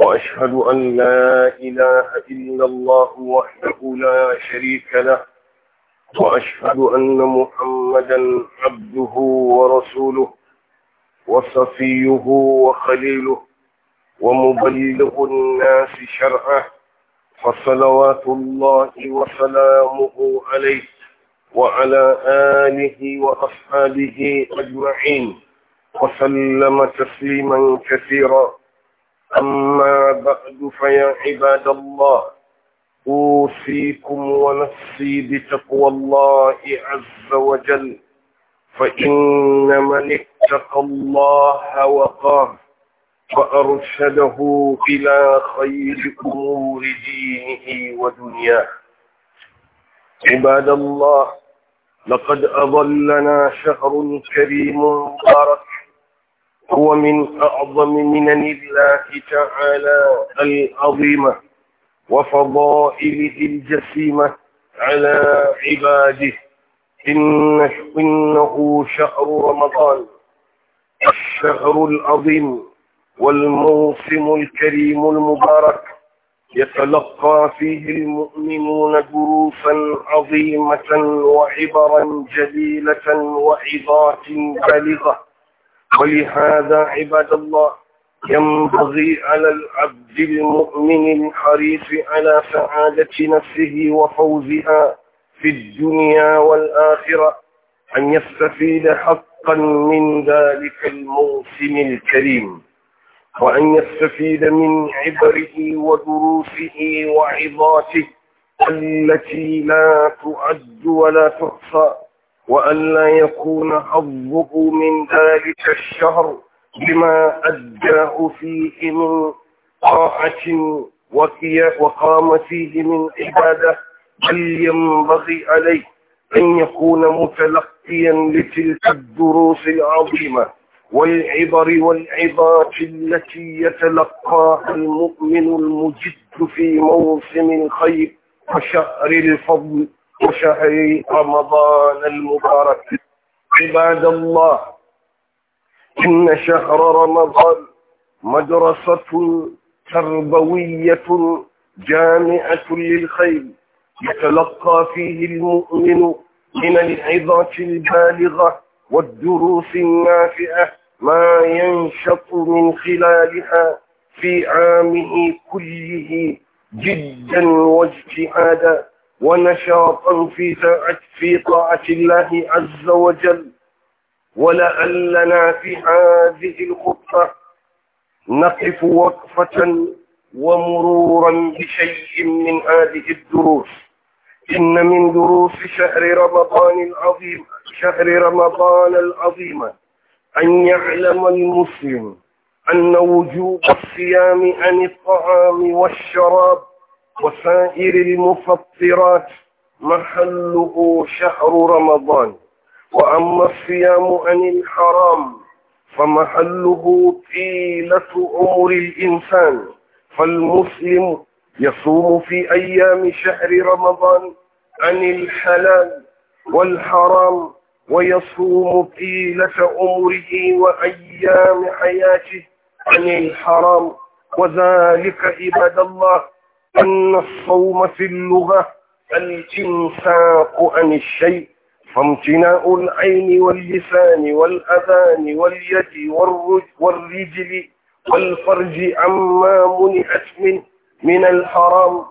وأشهد أن لا إله إلا الله وحده لا شريك له وأشهد أن محمدا عبده ورسوله وصفيه وخليله ومبلغ الناس شرعه فصلوات الله وسلامه عليه وعلى آله وأصحابه أجمعين وسلم تسليما كثيرا أما بعد فيا عباد الله أوصيكم ونفسي بتقوى الله عز وجل فإن من اتقى الله وقاه فأرشده إلى خير أمور دينه ودنياه عباد الله لقد أظلنا شهر كريم مبارك هو من أعظم منن الله تعالى العظيمة وفضائله الجسيمة على عباده إنه, إنه شهر رمضان الشهر العظيم والموسم الكريم المبارك يتلقى فيه المؤمنون دروسا عظيمة وعبرا جليلة وعظات بالغة ولهذا عباد الله ينبغي على العبد المؤمن الحريص على سعادة نفسه وفوزها في الدنيا والآخرة أن يستفيد حقا من ذلك الموسم الكريم وأن يستفيد من عبره ودروسه وعظاته التي لا تعد ولا تحصى وأن لا يكون حظه من ذلك الشهر بما أداه فيه من طاعة وقام فيه من عبادة بل ينبغي عليه أن يكون متلقيا لتلك الدروس العظيمة والعبر والعظات التي يتلقاها المؤمن المجد في موسم الخير وشهر الفضل وشهر رمضان المبارك عباد الله إن شهر رمضان مدرسة تربوية جامعة للخير يتلقى فيه المؤمن من العظة البالغة والدروس النافعة ما ينشط من خلالها في عامه كله جدا واجتهادا ونشاطا في في طاعة الله عز وجل ولعلنا في هذه الخطة نقف وقفة ومرورا بشيء من هذه الدروس إن من دروس شهر رمضان العظيم شهر رمضان العظيم أن يعلم المسلم أن وجوب الصيام عن الطعام والشراب وسائر المفطرات محله شهر رمضان وأما الصيام عن الحرام فمحله طيلة عمر الإنسان فالمسلم يصوم في أيام شهر رمضان عن الحلال والحرام ويصوم طيلة عمره وأيام حياته عن الحرام وذلك عباد الله أن الصوم في اللغة الإنفاق عن الشيء فامتناء العين واللسان والأذان واليد والرجل والفرج عما منعت منه من الحرام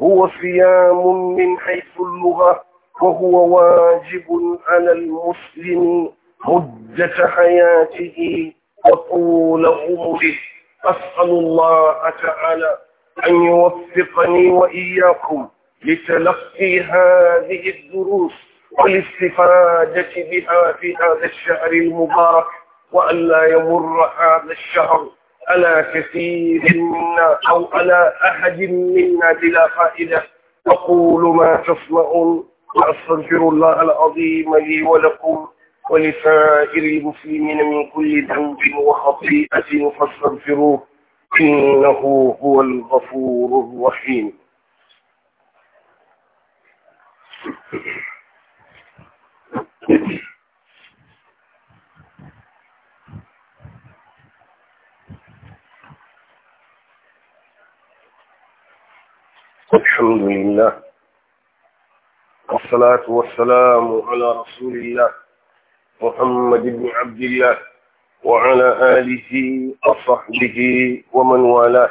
هو صيام من حيث اللغة وهو واجب على المسلم مدة حياته وطول عمره أسأل الله تعالى أن يوفقني وإياكم لتلقي هذه الدروس والاستفادة بها في هذا الشهر المبارك وألا يمر هذا الشهر على كثير منا أو على أحد منا بلا فائدة أقول ما تسمعون وأستغفر الله العظيم لي ولكم ولسائر المسلمين من كل ذنب وخطيئة فاستغفروه إنه هو الغفور الرحيم الحمد لله والصلاة والسلام على رسول الله محمد بن عبد الله وعلى آله وصحبه ومن والاه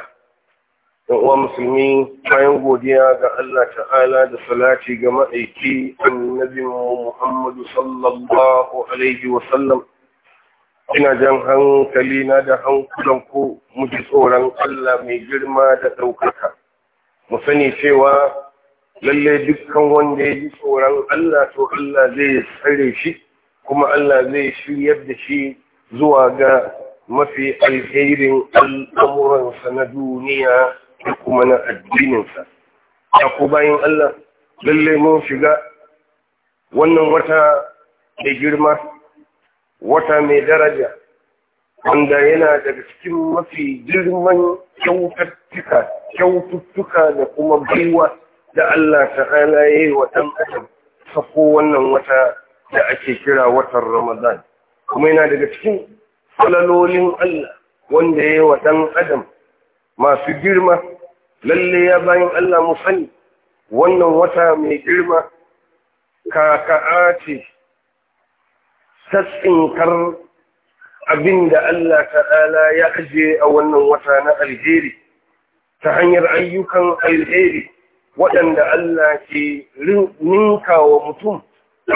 wa musulmi bayan godiya ga Allah ta'ala da salati ga ma'aiki annabin Muhammadu sallallahu alaihi wa sallam ina jan hankali na da hankulan ku mu ji tsoron Allah mai girma da ɗaukaka mu sani cewa lallai dukkan wanda ya ji tsoron Allah to Allah zai tsare shi kuma Allah zai shiryar da shi zuwa ga mafi alherin al'amuransa na duniya da kuma na addininsa. Ya ku bayan Allah, lallai mun shiga wannan wata mai girma, wata mai daraja, wanda yana daga cikin mafi girman kyaututtuka da kuma baiwa da Allah ta halaye wa ɗan adam sako wannan wata da ake kira watan Ramadan. kuma yana daga cikin falalolin Allah wanda ya yi wa ɗan adam masu girma lalle ya bayan Allah mu sani wannan wata mai girma kaka'a ce tatsinkar abin da Allah ta'ala ya aje a wannan wata na alheri ta hanyar ayyukan alheri waɗanda Allah ke ninkawa mutum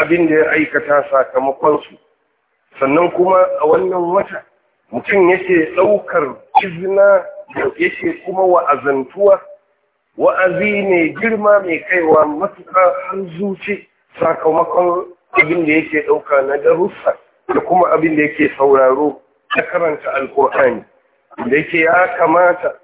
abin da ya aikata sakamakonsu sannan kuma a wannan wata mutum yake ɗaukar izina yake kuma wa'azantuwa wa'azi ne girma mai kaiwa matuƙa har zuci sakamakon abin da yake ɗauka na darussa da kuma abin da yake sauraro ta karanta alkur'ani da yake ya kamata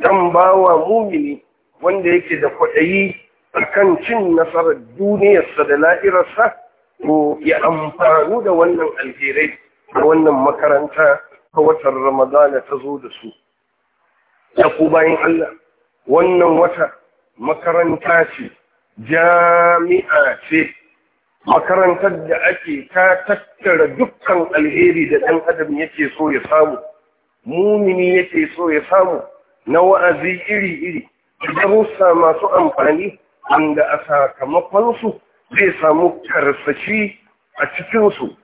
dan bawa mumini wanda yake da kwaɗayi akan cin nasarar duniyarsa da la'irarsa to ya amfanu da wannan alherai da wannan makaranta ta watan ramadana ta zo da su ya ku bayan Allah wannan wata makaranta ce jami'a ce makarantar da ake ta tattara dukkan alheri da ɗan adam yake so ya samu mumini yake so ya samu na wa'azi iri-iri da rusa masu amfani wanda a sakamakonsu zai samu karsashi a cikinsu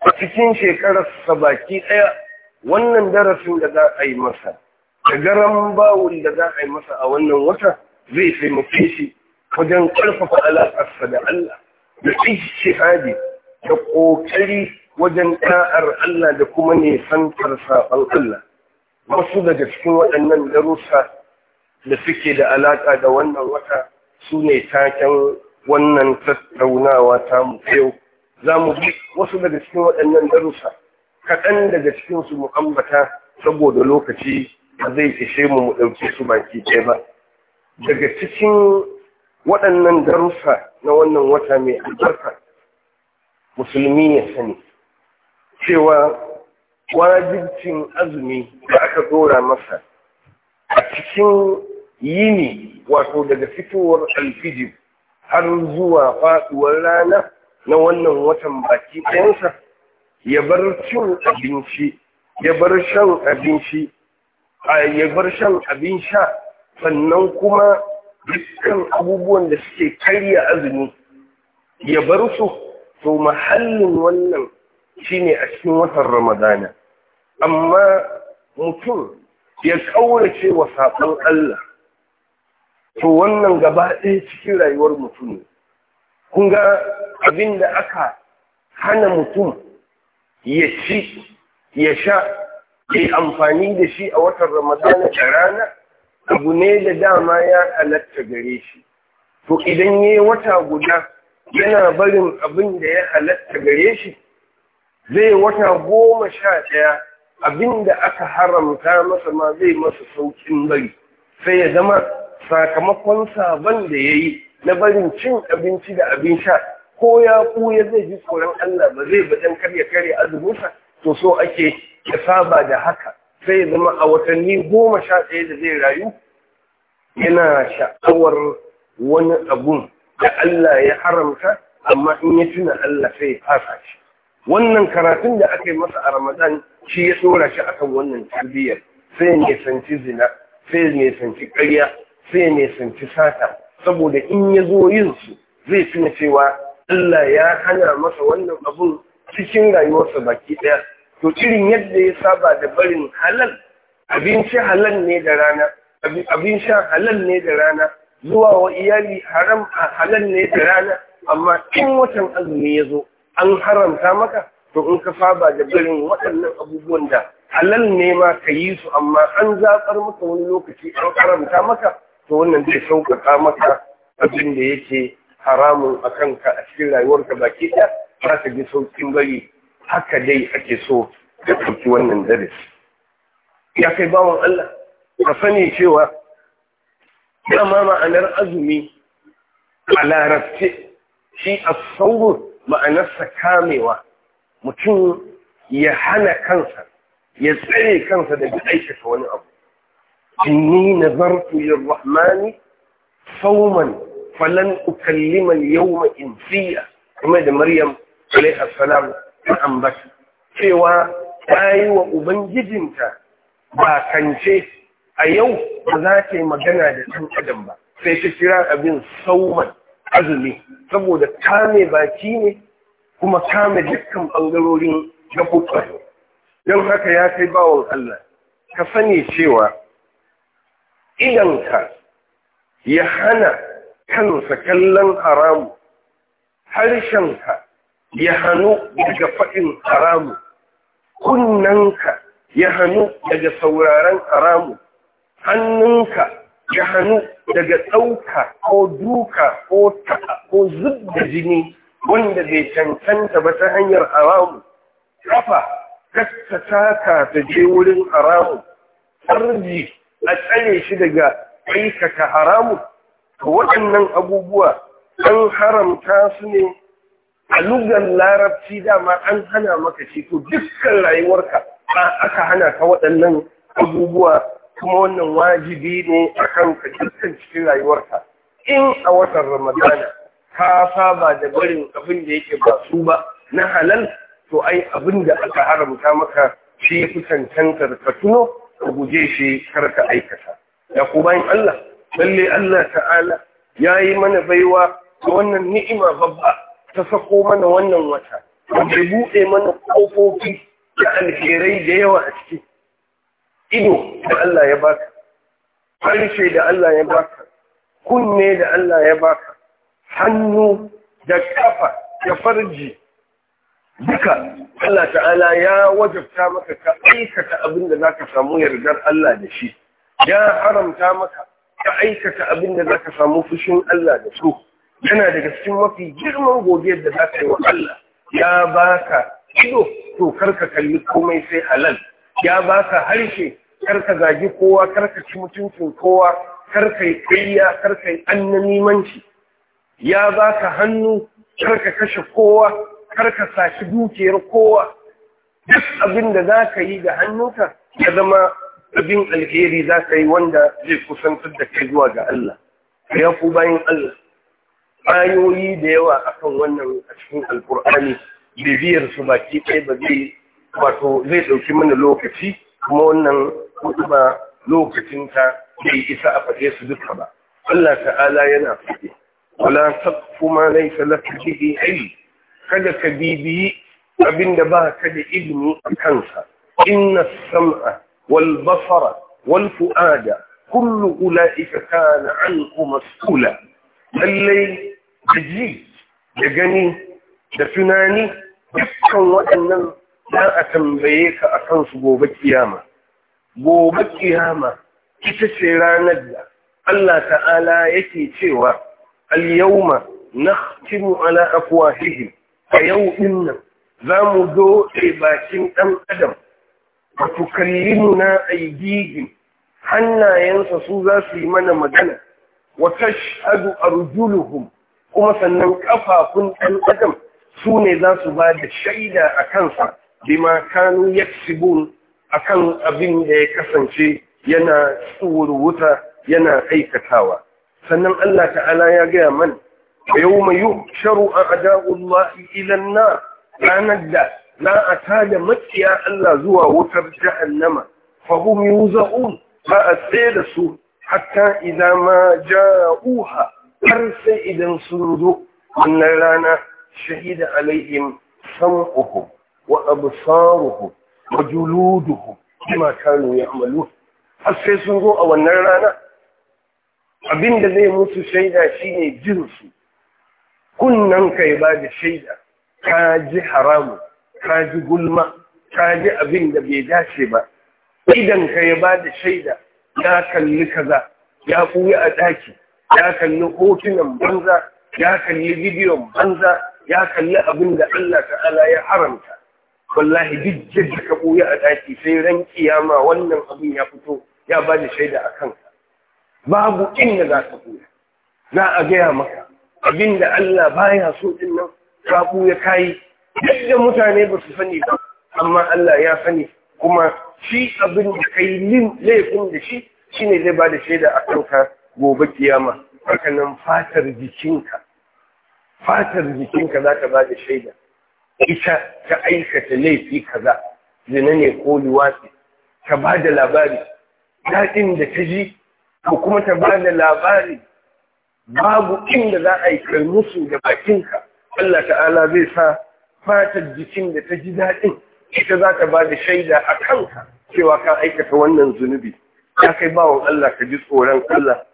a cikin shekararsa baki ɗaya wannan darasin da za a yi masa da garan bawul da za a yi masa a wannan wata zai taimake shi wajen ƙarfafa alaƙarsa da Allah da ijtihadi da ƙoƙari wajen ɗa'ar Allah da kuma nisantar saɓon Allah wasu daga cikin waɗannan darussa da suke da alaƙa da wannan wata su ne taken wannan tattaunawa ta mu yau za mu bi wasu daga cikin waɗannan darussa kaɗan daga cikinsu mu ambata saboda lokaci ba zai ishe mu mu ɗauke su baki ɗaya ba daga cikin waɗannan darussa na wannan wata mai albarka musulmi ya sani cewa wajibcin azumi da aka dora masa a cikin yini wato daga fitowar alfijir har zuwa faɗuwar rana na wannan watan baki ɗayansa ya bar cin abinci ya bar shan abinci ya bar shan abin sha sannan kuma dukkan abubuwan da suke karya azumi ya bar su to mahallin wannan shine a cikin watan ramadana amma mutum ya ƙaurace wa saƙon Allah to wannan gaba ɗaya cikin rayuwar mutum ne kun ga abin da aka hana mutum ya ci ya sha yi amfani da shi a watan ramadana da rana abu ne da dama ya halatta gare shi to idan ya yi wata guda yana barin abin da ya halatta gare shi zai wata goma sha ɗaya abin da aka haramta masa ma zai masa saukin bari sai ya zama sakamakon sabon da ya yi na barin cin abinci da abin sha ko ya ya zai ji tsoron Allah ba zai ba dan karya karya azuminsa to so ake ya saba da haka sai ya zama a watanni goma sha ɗaya da zai rayu yana sha'awar wani abun da Allah ya haramta amma in ya tuna Allah sai ya fasa shi wannan karatun da aka yi masa a Ramadan shi ya tsora shi akan wannan tarbiyyar sai ya nisanci zina sai ya nisanci ƙarya sai ne sun sata saboda in ya zo yin su zai tuna cewa Allah ya hana masa wannan abun cikin rayuwarsa baki ɗaya to irin yadda ya saba da barin halal abinci halal ne da rana abin sha halal ne da rana zuwa wa iyali haram a halal ne da rana amma in watan azumi ya zo an haramta maka to in ka saba da barin waɗannan abubuwan da halal ne ma ka yi su amma an zaɓar maka wani lokaci an haramta maka to wannan zai sauƙaƙa maka abin da yake haramun a kanka a cikin rayuwarka baki ɗaya za ka ji sauƙin bari haka dai ake so ka ɗauki wannan darasi ya kai bawan Allah ka sani cewa dama ma'anar azumi a larabce shi a saurin ma'anarsa kamewa mutum ya hana kansa ya tsare kansa daga aikata wani abu inni nazartu lirrahmani sauman falan ukallima yawma insiya kuma da maryam alaihi assalam ta ambata cewa ta yi wa ubangijinta ba kance a yau ba za ta yi magana da ɗan adam ba sai ta kira abin sauman azumi saboda kame baki ne kuma kame dukkan ɓangarorin na don haka ya kai bawan Allah ka sani cewa idanka ya hana kansa kallon haramu harshenka ya hannu daga faɗin haramu kunnanka ya hannu daga sauraren haramu hannunka ya hannu daga ɗauka ko duka ko taɓa ko zub jini wanda bai cancanta ba ta hanyar haramu kafa kasta taka ta je wurin haramu farji a tsare shi daga aikata haramu ka waɗannan abubuwa an haramta su ne a lugar larabci dama an hana maka shi dukkan rayuwarka ba aka hana ka waɗannan abubuwa kuma wannan wajibi ne a kanka dukkan cikin rayuwarka in a watan ramadana ka saba da barin abin da yake ba su ba na halal to ai abin da aka haramta maka shi ya fi cancantar ka guje shi kar ka aikata ya ku bayan Allah balle Allah ta'ala ya yi mana baiwa da wannan ni'ima babba ta sako mana wannan wata wanda buɗe mana ƙofofi da alherai da yawa a ciki ido da Allah ya baka harshe da Allah ya baka kunne da Allah ya baka hannu da kafa da farji duka Allah ta'ala ya wajabta maka ka aikata abin da za ka samu yardar Allah da shi ya haramta maka ka aikata abin da za ka samu fushin Allah da su yana daga cikin mafi girman godiyar da za zaka yi wa Allah ya ba ka ido to karka kalli komai sai halal ya ba ka harshe karka zagi kowa karka ci mutuncin kowa karka yi kayya karka yi annamimanci ya ba ka hannu karka kashe kowa kar ka sashi dukiyar kowa duk abin da za ka yi da hannunka ya zama abin alheri za ka yi wanda zai kusantar da kai zuwa ga Allah ya ku bayan Allah ayoyi da yawa akan wannan a cikin alkur'ani bibiyar su baki kai ba zai wato zai ɗauki mana lokaci kuma wannan ba lokacin ta bai isa a faɗe su duka ba Allah ta'ala yana faɗi wala taqfu ma laysa laka bihi ilm kada ka bibiyi abinda ba ka da ilimi a kansa inna sam'a wal basara wal fu'ada kullu ula'ika kana anhu mas'ula lallai da ji da gani da tunani dukkan waɗannan za a tambaye ka a kansu gobe kiyama gobe kiyama ita ce ranar da Allah ta'ala yake cewa al-yawma nakhtimu ala afwahihim a yau ɗinnan, nan za mu doɗe bakin ɗan adam ba tu a na aigigin hannayensa su za su yi mana magana wata a arjuluhum kuma sannan ƙafafun ɗan adam su ne za su ba da shaida a kansa bima kanu a akan abin da ya kasance yana wuta yana aikatawa sannan Allah ta'ala ya gaya mana yawma yuhsharu a'da'u Allah ila an-nar ranar da za a tada makiya Allah zuwa wutar jahannama fa hum yuza'un ba su hatta idan ma ja'uha har sai idan sun zo wannan rana shahida alaihim sam'uhum wa absaruhum wa juluduhum bima kanu har sai sun zo a wannan rana abinda zai musu shaida shine jinsu Kunnan ka ya da shaida ka ji haramu ka ji gulma ka ji abin da bai dace ba idan ka ya bada shaida ya kalli kaza ya ɓuya a daki, ya kalli hotunan banza ya kalli bidiyon banza ya kalli abin da Allah ta'ala ya haramta wallahi duk jadda ka ɓuya a daki sai ran kiyama wannan abin ya fito ya ba da shaida a kanka babu inda za ka ɓuya za a gaya maka Abin da Allah baya so din nan sabu ya kai yadda mutane ba su sani ba amma Allah ya sani kuma shi abin da kai laifin da shi shine zai ba da shaida a kan ka gobe kiyama nan fatar jikinka fatar jikinka za ta ba da shaida ita ta aikata laifi kaza zina ne ko luwatsi ta ba da labari daɗin da ta ji ko kuma ta ba da labari babu inda za a yi kai musu da bakinka Allah ta'ala zai sa fatar jikin da ta ji daɗin ita za ta ba da shaida a kanka cewa ka aikata wannan zunubi ka kai bawan Allah ka ji tsoron Allah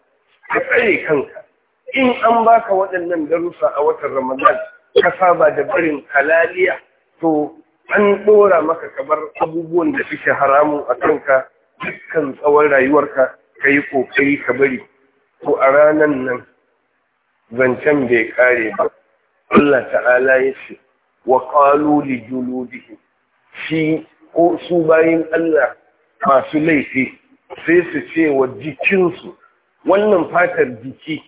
ka tsare kanka in an baka waɗannan darussa a watan Ramadan ka saba da barin halaliya to an ɗora maka kamar abubuwan da suke haramu a kanka dukkan tsawon rayuwarka ka yi ƙoƙari ka bari ko a ranan nan zancen bai kare ba Allah ta'ala ya ce wa kalu li juludihim shi ko su bayin Allah masu laifi sai su ce wa jikinsu wannan fatar jiki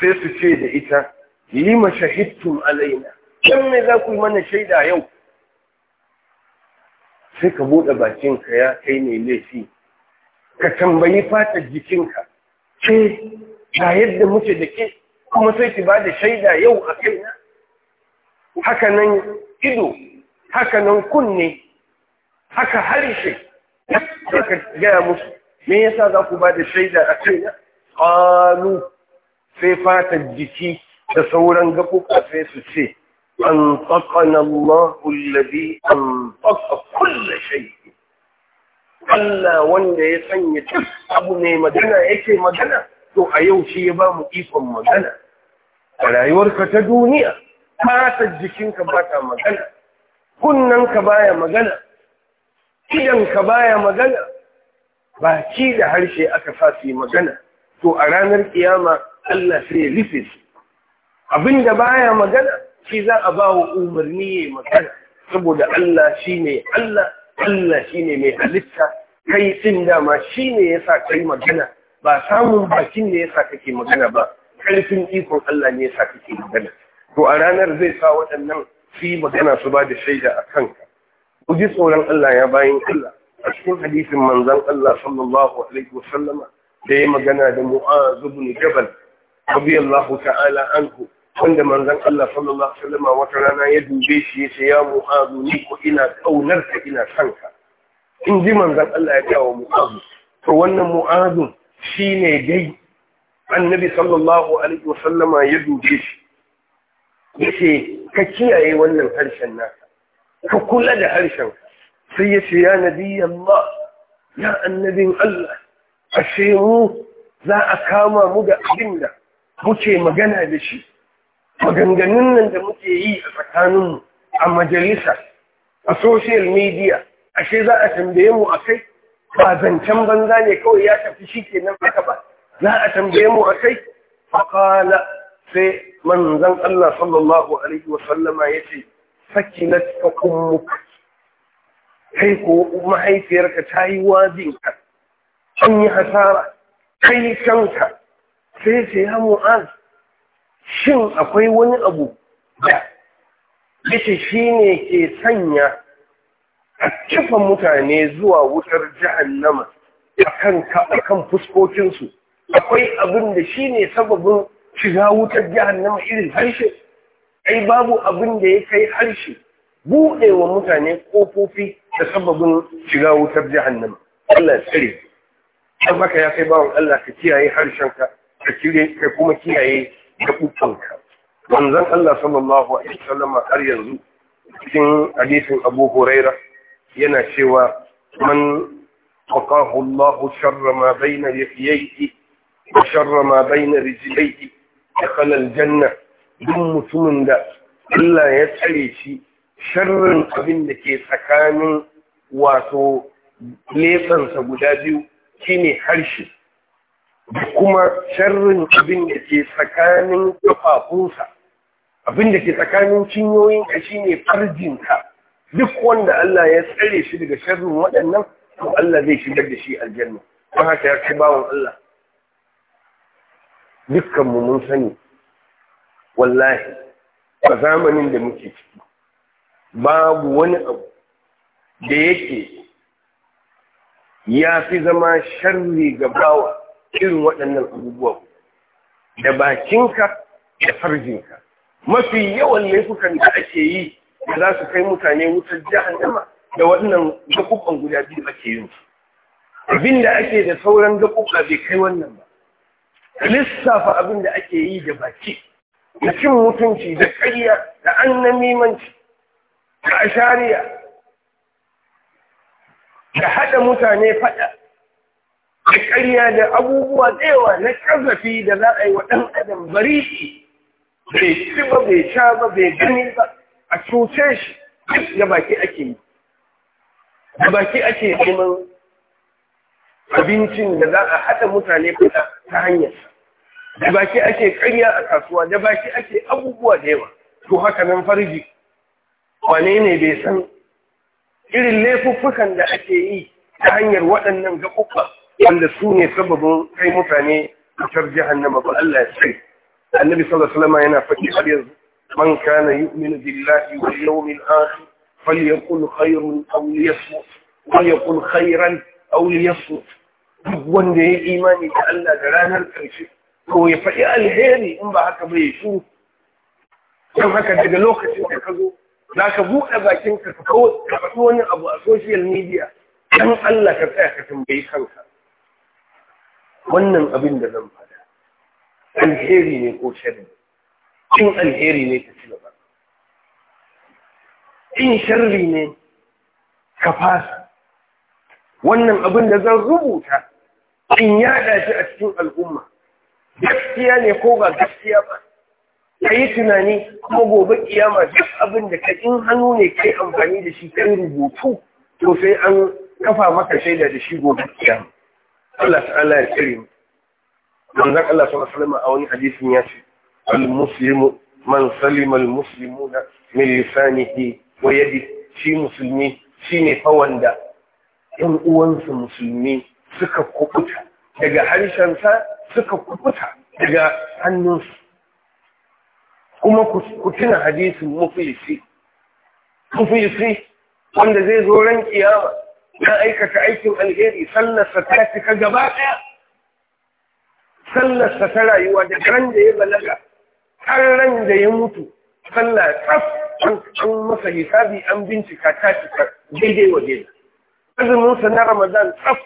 sai su ce da ita lima shahidtum alaina kan mai za ku yi mana shaida yau sai ka buɗe bakinka ya kai mai laifi ka tambayi fatar jikinka ce ta yadda muke da ke kuma sai ki ba da shaida yau a kaina haka nan ido haka nan kunne haka harshe ka gaya musu me yasa za ku ba da shaida a kaina qalu sai fatar jiki da sauran gaɓuɓɓa sai su ce an taqana Allahu alladhi an tsaka kulli shaida. Allah wanda ya sanya duk abu ne magana yake magana to a yau shi ya ba mu ikon magana a rayuwarka ta duniya fatar jikinka ba ta magana ka baya magana idanka baya magana baki da harshe aka sa su yi magana to a ranar kiyama Allah sai ya rufe su abinda baya magana shi za a ba wa umarni ya magana saboda Allah shi ne Allah Allah shi ne mai halitta kai tsin dama shi ne ya sa kai magana ba samun bakin ne yasa kake magana ba karfin ikon Allah ne sa kake magana to a ranar zai sa waɗannan fi magana su ba da shaida a kanka ku ji tsoron Allah ya bayan Allah a cikin hadisin manzon Allah sallallahu alaihi wasallama da ya magana da Mu'az ibn Jabal radiyallahu ta'ala anhu wanda manzon Allah sallallahu alaihi wasallama wata rana ya dube shi ya ce ya Mu'az ni ko ina kaunar ka ina kanka. in ji manzon Allah ya ce wa Mu'az to wannan Mu'azun shi ne dai annabi sallallahu alaihi wasallama ya dube shi ya ce ka kiyaye wannan harshen naka ka kula da harshen sai ya ce ya nabi Allah ya annabin Allah ashe mu za a kama mu da abin da muke magana da shi maganganun nan da muke yi a tsakaninmu a majalisa a social media ashe za a tambaye mu a kai ba zancen banza ne kawai ya tafi shi ke nan haka ba za a tambaye mu a kai faƙala sai manzan Allah sallallahu alaihi wa ya ce na ka muka. kai ko mahaifiyarka ta yi wajinka an yi hasara kai kanka sai ce ya mu'az shin akwai wani abu da ce shi ne ke sanya a kifa mutane zuwa wutar jahannama akan kan fuskokinsu akwai abin da shi ne sababin shiga wutar jahannama irin harshe ai babu abin da ya kai harshe buɗe wa mutane ƙofofi da sababin shiga wutar jahannama Allah ya tsare an ya kai bawan Allah ka kiyaye harshenka ka kire ka kuma kiyaye gaɓuɓɓanka manzon Allah sallallahu alaihi wasallam har yanzu cikin hadisin Abu Hurairah yana cewa man faqahu Allah sharra ma bayna yahyayhi wa sharra ma bayna rijlayhi dakhala janna dun mutumin da Allah ya tsare shi sharrin abin da ke tsakanin wato lefan sa guda biyu shine harshe da kuma sharrin abin da ke tsakanin kafafunsa abin da ke tsakanin cinyoyin shine farjinka duk wanda Allah ya tsare shi daga sharrin waɗannan to Allah zai shigar da shi aljanna don haka ya ci bawan Allah Dukkan mu mun sani wallahi a zamanin da muke ciki babu wani abu da yake ya fi zama sharri ga bawa irin waɗannan abubuwa da bakinka da farjinka mafi yawan laifukan da ake yi da za su kai mutane wutar jihar jahannama da wannan gaɓuɓɓan guda biyu ake yin su abin da ake da sauran gaɓuɓɓa bai kai wannan ba lissafa abin da ake yi da baki da cin mutunci da ƙarya da annamimanci da ashariya da haɗa mutane faɗa da ƙarya da abubuwa tsayawa na ƙarfafi da za a yi wa ɗan adam bari bai ci ba bai sha ba bai gani ba a cuce shi da baki ake yi da baki ake neman abincin da za a haɗa mutane kuɗa ta hanyar da baki ake karya a kasuwa da baki ake abubuwa da yawa to haka nan farji wane ne bai san irin laifuffukan da ake yi ta hanyar waɗannan gaɓuɓɓa wanda su ne sababin kai mutane a jihannama ba Allah ya sai annabi sallallahu alaihi wasallam yana faɗi har yanzu من كان يؤمن بالله واليوم الآخر فليقل خير أو ليصمت وليقل خيرا أو ليصمت وان ده إيمان يتألى دلانا الكريف هو يفعل الهيري ان بحك بيشوه كم حكا تقلوك تتكذو لك بوك أباكين تتكوز كبتون أبو أسوشيال ميديا كم ألا كتاكة بيخنك وانن أبين دلان بحك الهيري يقول شرد in alheri ne ka ci gaba in sharri ne ka fasa wannan abin da zan rubuta in yaɗa shi a cikin al'umma gaskiya ne ko ba gaskiya ba ka yi tunani kuma gobe kiyama duk abin da ka in hannu ne ka yi amfani da shi kai rubutu to sai an kafa maka shaida da shi gobe kiyama Allah ta'ala ya kiri mu Allah sallallahu alaihi a wani hadisin ya ce المسلم man salima almuslimuna min lisanihi wa yadi shi musulmi shine fa wanda 'yan uwansa musulmi suka kubuta daga harshensa suka kubuta daga hannunsa kuma ku tuna hadisin muflisi muflisi wanda zai zo ran kiyama na aikata aikin alheri sallarsa ta cika gaba ɗaya sallarsa ta rayuwa da ran da ya balaga har ran da ya mutu sallah tsaf an masa hisabi an bincika ta cika daidai wa daidai sa na ramadan tsaf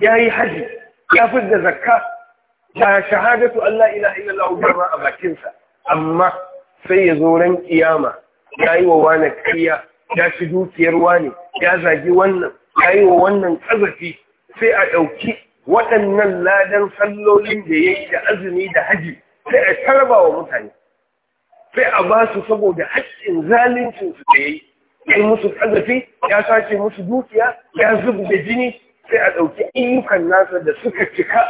ya yi haji ya fi da zakka da shahadatu Allah ila illallah barra a bakinsa amma sai ya zo ran kiyama ya yi wa wani kariya ya shi dukiyar wani ya zagi wannan ya yi wa wannan kazafi sai a ɗauki waɗannan ladan sallolin da ya yi da azumi da haji sai a sarba wa mutane sai a ba su saboda haƙƙin zalincin su da yi. yayi musu ƙazafi ya sace musu dukiya ya zub da jini sai a ɗauki ayyukan nasa da suka cika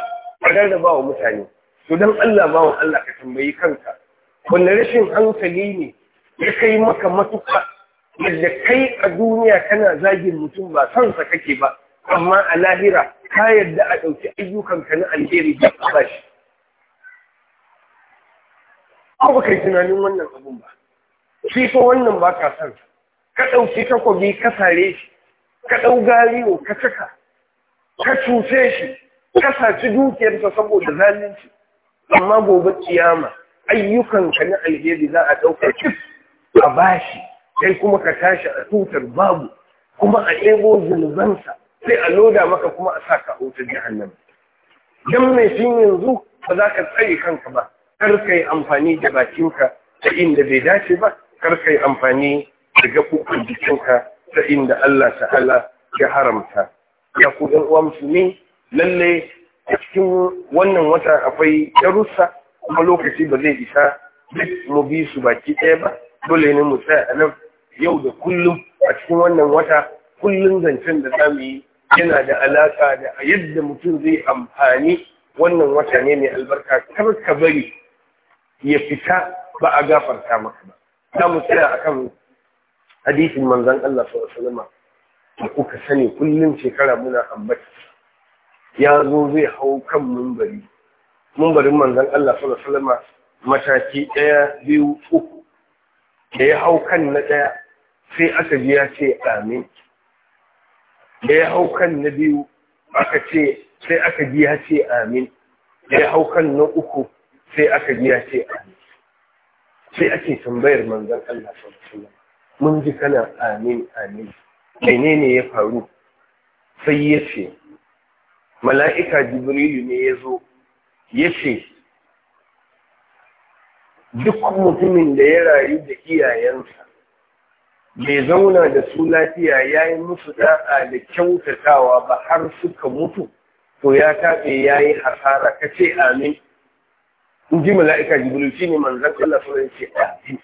a rarraba wa mutane to don Allah bawa Allah ka tambayi kanka wanda rashin hankali ne ya kai maka matuƙa yadda kai a duniya kana zagin mutum ba son kake ba amma a lahira ka yadda a ɗauki ayyukanka na alheri da ba shi ko ba kai tunanin wannan abun ba shi ko wannan ba ka san ka ɗauki takobi ka sare shi ka ɗau gariwo ka cika ka cuce shi ka saci dukiyarsa saboda zalunci amma gobe kiyama ayyukanka na alheri za a ɗauka kif a bashi kai kuma ka tashi a tutar babu kuma a ɗebo zunubansa sai a loda maka kuma a sa ka a jihannan Don dan mai shi yanzu ba za ka tsaye kanka ba kar ka yi amfani da bakinka ta inda bai dace ba kar ka yi amfani da gaɓoɓin jikinka ta inda Allah ta'ala ya haramta ya ku ɗan uwa musulmi lalle a cikin wannan wata akwai darussa kuma lokaci ba zai isa duk mu bi su baki ɗaya ba dole ne mu tsaya a nan yau da kullum a cikin wannan wata kullum zancen da za mu yi yana da alaƙa da yadda mutum zai amfani wannan wata ne mai albarka kar ka bari ya fita ba a gafarta maka ba za mu tsaya kan hadisin manzan Allah su wasu lima da kuka sani kullum shekara muna ambaci. ya zo zai hau kan mumbari mumbarin manzan Allah su wasu lima mataki ɗaya biyu uku da ya hau kan na ɗaya sai aka ji ya ce amin da ya hau kan na biyu aka ce sai aka ji ya ce amin da ya hau kan na uku sai aka ji ya ce amin sai ake tambayar manzon Allah sallallahu mun ji kana amin amin menene ya faru sai ya ce mala'ika jibrilu ne ya zo ya ce duk mutumin da ya rayu da iyayensa bai zauna da su lafiya ya yi musu da'a da kyautatawa ba har suka mutu to ya taɓe ya yi hasara ka ce amin in ji mala'ika jibril shi ne manzan Allah sallallahu alaihi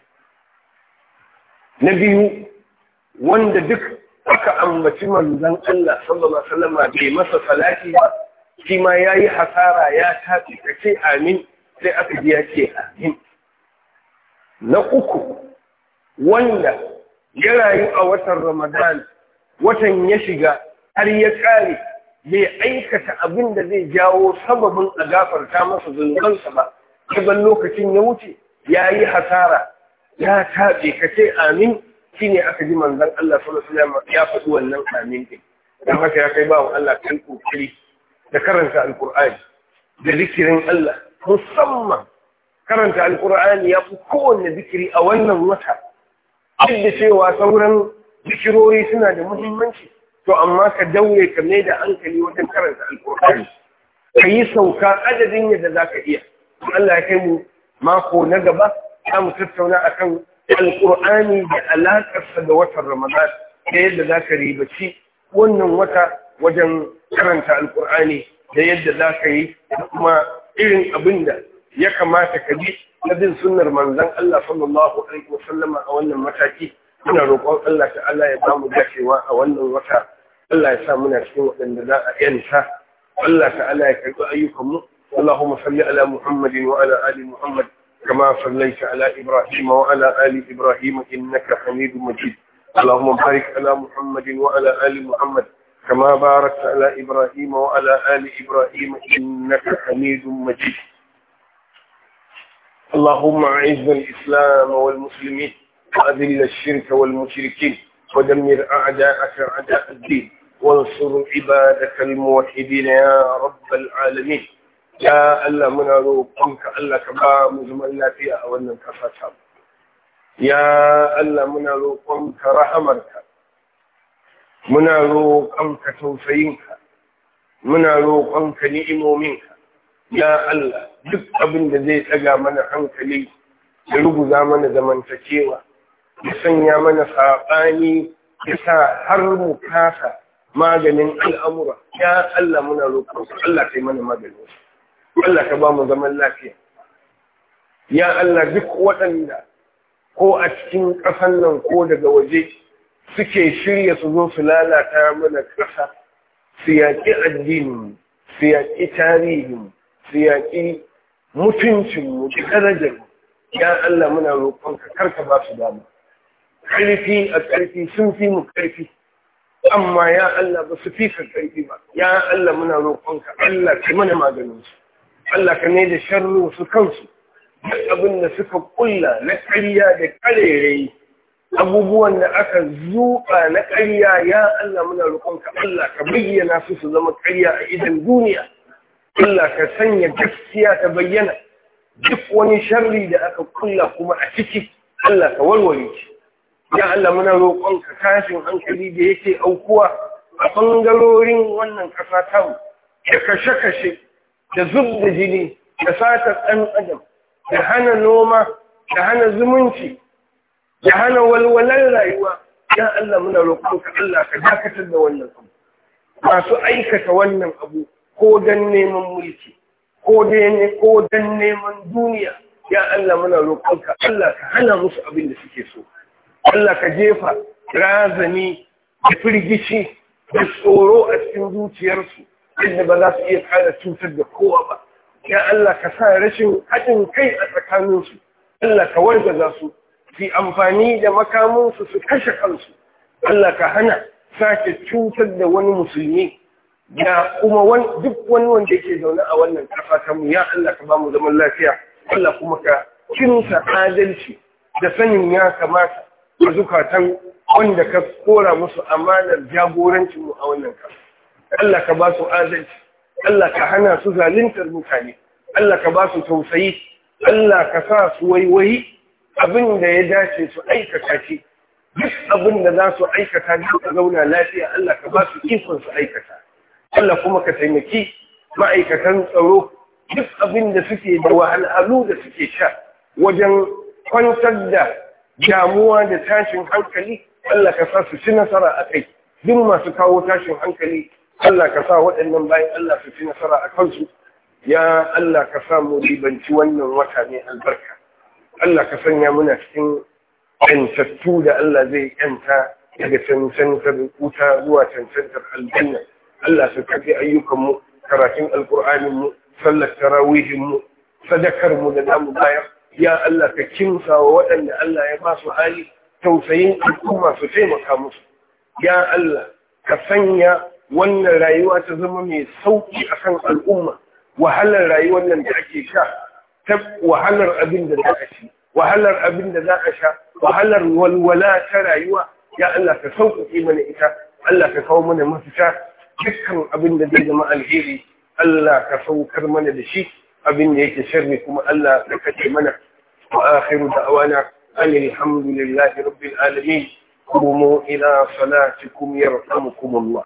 na biyu wanda duk aka ambaci manzan Allah sallallahu alaihi wasallam bai masa salati ba shi ma yayi hasara ya tafi kace amin sai aka ji ya ce amin na uku wanda ya rayu a watan Ramadan watan ya shiga har ya kare bai aikata abin da zai jawo sababin a gafarta masa zunubansa ba ya ban lokacin ya wuce ya yi hasara ya taɓe ka ce amin shi ne aka ji manzan Allah sallallahu alaihi ya faɗi wannan amin din don haka ya kai bawan Allah kai kokari da karanta alqur'ani da zikirin Allah musamman karanta alqur'ani ya fi kowanne zikiri a wannan wata duk da cewa sauran zikirori suna da muhimmanci to amma ka daure ka mai da hankali wajen karanta alqur'ani ka yi sauka adadin yadda za ka iya in Allah ya kai mu mako na gaba za mu tattauna a akan alqur'ani da alaƙarsa da watan ramadan da yadda za ka ribaci wannan wata wajen karanta alkur'ani da yadda za ka yi da kuma irin abin da ya kamata ka bi na bin sunnar manzon Allah sallallahu alaihi wasallama a wannan mataki muna roƙon Allah ta'ala ya ba mu dacewa a wannan wata Allah ya sa muna cikin waɗanda za a yanta Allah ta'ala ya karɓi ayyukanmu اللهم صل على محمد وعلى آل محمد كما صليت على إبراهيم وعلى آل إبراهيم إنك حميد مجيد اللهم بارك على محمد وعلى آل محمد كما باركت على إبراهيم وعلى آل إبراهيم إنك حميد مجيد اللهم أعز الإسلام والمسلمين وأذل الشرك والمشركين ودمر أعداءك أعداء الدين وانصر عبادك الموحدين يا رب العالمين ya Allah muna roƙonka Allah ka ba mu zaman lafiya a wannan ƙasa ta ya Allah muna roƙonka rahamarka muna roƙonka tausayinka muna roƙonka ni'imominka ya Allah duk abin da zai tsaga mana hankali da ruguza mana zamantakewa ya sanya mana saɓani ya sa har mu kasa maganin al'amura ya Allah muna roƙonka Allah yi mana maganin Allah ka ba mu zaman lafiya ya Allah duk waɗanda ko a cikin ƙasan nan ko daga waje suke shirya su zo su lalata mana ƙasa su yaƙi addinin su yaƙi tarihin su yaƙi mutuncinmu da darajar ya Allah muna roƙonka karka ba su dama ƙarfi a ƙarfi sun fi mu ƙarfi amma ya Allah ba su fi ka ƙarfi ba ya Allah muna roƙonka Allah ka mana maganinsu Allah ka ne da sharru su kansu duk abin da suka kulla na ƙarya da ƙarere abubuwan da aka zuba na ƙarya ya Allah muna roƙonka Allah ka bayyana su su zama ƙarya a idan duniya Allah ka sanya gaskiya ta bayyana duk wani sharri da aka kulla kuma a ciki Allah ka warware shi ya Allah muna roƙonka tashin hankali da yake aukuwa a bangarorin wannan ƙasa ta kashe-kashe da zub da jini da satar ɗan adam da hana noma da hana zumunci da hana walwalar rayuwa ya Allah muna roƙonka Allah ka dakatar da wannan abu masu aikata wannan abu ko don neman mulki ko dai ko don neman duniya ya Allah muna roƙonka Allah ka hana musu abin da suke so Allah ka jefa razani da firgici da tsoro a cikin zuciyarsu inda ba za su iya kada cutar da kowa ba ya Allah ka sa rashin haɗin kai a tsakaninsu Allah ka za su fi amfani da makaminsu su kashe kansu Allah ka hana sake cutar da wani musulmi da kuma duk wani wanda yake zaune a wannan kafa ta mu ya Allah ka bamu zaman lafiya Allah kuma ka kinsa adalci da sanin ya kamata a zukatan wanda ka kora musu amanar jagorancinmu a wannan kafa Allah ka ba su adalci Allah ka hana su zaluntar mutane Allah ka ba su tausayi Allah ka sa su waiwayi abinda ya dace su aikata ce. duk abinda za su aikata duk ka zauna lafiya Allah ka ba su ikon su aikata Allah kuma ka taimaki ma'aikatan tsaro duk abinda suke da wahalhalu da suke sha wajen kwantar da damuwa da tashin hankali Allah ka sa su ci nasara a kai duk masu kawo tashin hankali Allah ka sa waɗannan bayan Allah su ci nasara a kansu ya Allah ka sa mu ribanci wannan wata ne albarka Allah ka sanya muna cikin yantattu da Allah zai yanta daga cancantar wuta zuwa cancantar aljanna Allah su kafi ayyukanmu karatun alƙur'aninmu sallar tarawihinmu sadakarmu da namu bayar ya Allah ka kimsa wa waɗanda Allah ya ba su hali tausayin al'umma su taimaka musu ya Allah ka sanya wannan rayuwa ta zama mai sauki a kan al'umma wahalar rayuwar nan da ake sha ta wahalar abin da za a ci wahalar abin da za a sha wahalar walwala ta rayuwa ya Allah ka sauƙaƙe mana ita Allah ka kawo mana mafita dukkan abin da zai zama alheri Allah ka saukar mana da shi abin da yake sharri kuma Allah ka kace mana wa akhiru da'wana alhamdulillahi rabbil alamin قوموا إلى صلاتكم يرحمكم الله